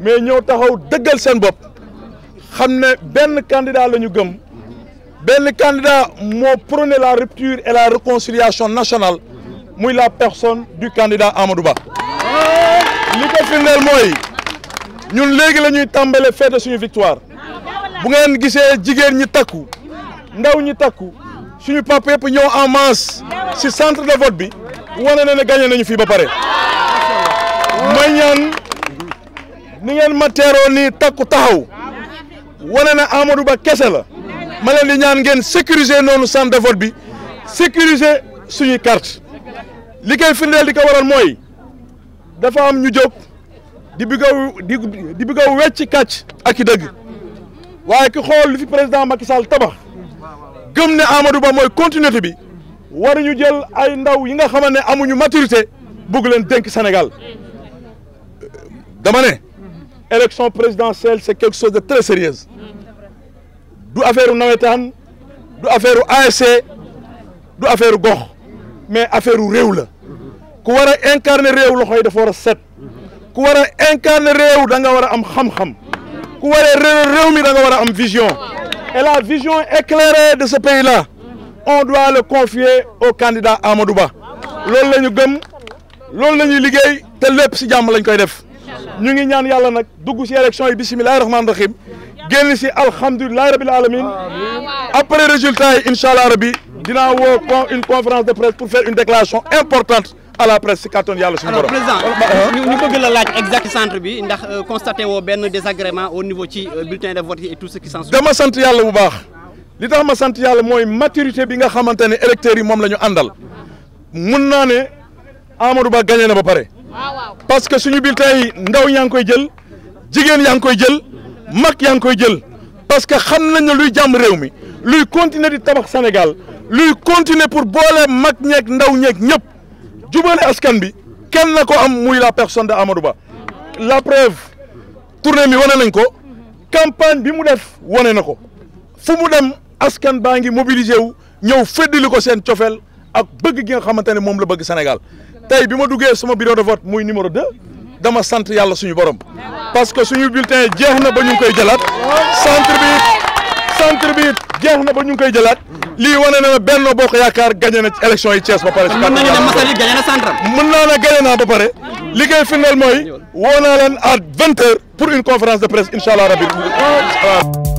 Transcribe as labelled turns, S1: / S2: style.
S1: mais ñëw taxaw deugal seen bop xam Ben candidat lañu gëm ben candidat mo prôné la rupture et la réconciliation nationale muy la personne du candidat Amadou Ba li ko firndeel moy ñun légui lañuy tambalé fête suñu victoire bu ngeen gisee jigéen ñi takku ndaw ñi takku suñu papa yëpp ñëw en masse si centre de vote bi wane na ne gagné nañu fi ba paré may ñaan ni ngeen ma teeroo ni takk taxaw wane na Amadou Ba kese la ma leen di ñaan ngeen sécuriser noonu centre de bi sécuriser suñu carte li koy firndeel di ko waral mooy dafa am ñu jóg di bëgg a di di bëgg a wecc kàcc ak i dëgg waaye ki xool li fi président Macky Sall tabax gëm ne Amadou Ba mooy continuité bi waruñu jël ay ndaw yi nga xamante ne amuñu maturité bugg leen dénk Sénégal dama ne. élection présidentielle c'est quelque chose de très sérieux du affaire nawetaan du affaire ASC du affaire gox mais affaire réew la ku war incarner réew il faut dafa war a set ku war incarner réew da nga war faut am xam-xam ku war a réew mi da nga am vision et la vision éclairée de ce pays là on doit le confier au candidat Amadouba. C'est ce que nous gëm loolu la ñuy liggéey te c'est si que lañ koy def. ñu ngi ñaan yàlla nag dugg ci élection yi bisimilahi rahmaani rahim génn ci alhamdulilahi rabil alamin après résultat yi incha allah rabi dinaa woo une conférence de presse pour faire une déclaration importante à la presse si kàttan yàlla suñu borom. alors président ah, ah, ah. ñu bëgg la laaj exact centre bi ndax euh, constaté woo benn désagrément au niveau ci euh, bulletin de vote yi et tout ce qui yàlla bu baax li tax ma sant yàlla mooy maturité bi nga xamante ne électeurs yi moom la ñu mun naa ne Amadou Ba gagné na ba pare. parce que suñu bulletin yi ndaw yaa koy jël jigen yaa koy jël mak yaa koy jël parce que xam nañ ne luy jam rew mi luy continuer di tabax Sénégal luy continuer pour boole mak ñek ndaw ñek ñep jubale askan bi kenn na am muy la personne de Amadou Ba la preuve tourner mi woné nañ ko campagne bi mu def woné nako ko fu mu dem askan baangi mobilisé wu ñew féddali ko sen cofeel ak bëgg gi nga xamante mom la bëgg Sénégal tey bi ma duggee ma bureau de vote muy numéro 2 dama sant yàlla suñu borom parce que suñu bulletin jeex na ba ñu ngi koy jëlaat centre bi centre bi jeex na ba ñu ngi koy jëlaat lii wane na Benno Bokk Yaakaar gagné na ci élection yi Thiès ba pare. mën na ne Massaly gagné na centre am. mën naa ne gagné naa ba pare li koy firndeel mooy woo naa leen à vingt pour une conférence de presse incha allah rabi.